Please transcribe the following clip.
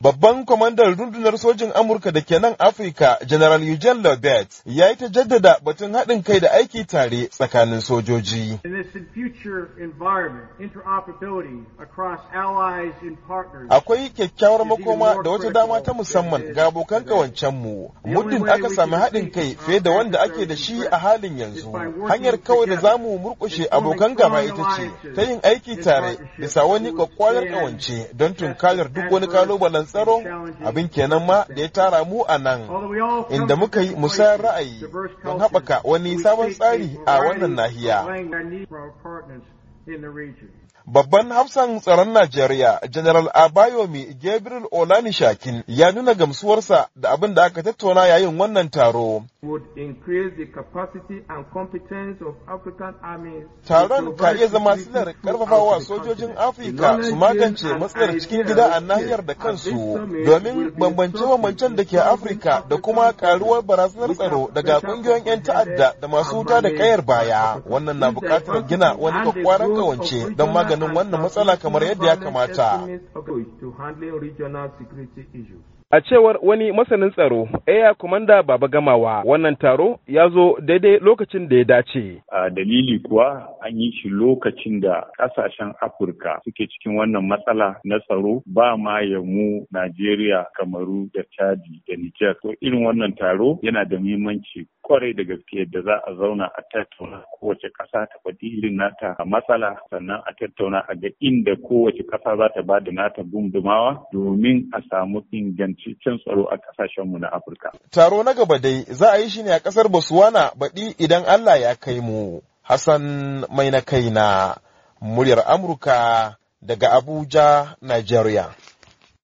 Babban kwamandan rundunar sojin Amurka da ke nan Afirka, General Eugene Lovett, ya yi ta jaddada batun haɗin kai da aiki tare tsakanin sojoji. Akwai kyakkyawar makoma da wata dama ta musamman ga abokan kawancenmu, muddin aka sami haɗin kai fiye da wanda ake da shi a halin yanzu. Hanyar kawai da za mu murƙushe abokan gaba ita ce ta yin aiki tare bisa wani kwakwalar kawance don tunkarar duk wani kalubalen tsaro tsaro abin kenan ma da ya tara mu a nan inda muka yi musayar ra'ayi don haɓaka wani sabon tsari a wannan nahiya. Babban hafsan tsaron Najeriya, General Abayomi Gabriel Shakin ya nuna gamsuwarsa da abin da aka tattauna yayin wannan taro. Taron ka iya zama silar karfafawa sojojin Afirka su magance matsalar cikin gida a nahiyar da kansu domin bambance-bambancen da ke Afirka da kuma karuwar barazanar tsaro daga kungiyoyin 'yan ta'adda da masu wuta da kayar baya. Wannan na bukatar gina wani kwakwaran kawance don maganin wannan matsala kamar yadda ya kamata. A cewar wani masanin tsaro, Eya, Kumanda, Baba Gamawa, wannan taro ya zo daidai lokacin da ya dace. A dalili kuwa an yi shi lokacin da ƙasashen Afirka suke cikin wannan matsala na tsaro ba ma ya mu Najeriya, Kamaru da Chadi da niger To irin wannan taro yana da muhimmanci kwarai da gaske da za a zauna a tattauna kowace ƙasa ta faɗi irin nata matsala sannan a tattauna a ga inda kowace ƙasa za ta ba da nata gundumawa domin a samu ingantaccen tsaro a ƙasashenmu na Afirka. Taro na gaba dai za a yi shi ne a ƙasar Botswana baɗi idan Allah ya kai mu. Hassan mai na kai na muryar Amurka daga Abuja, Nigeria.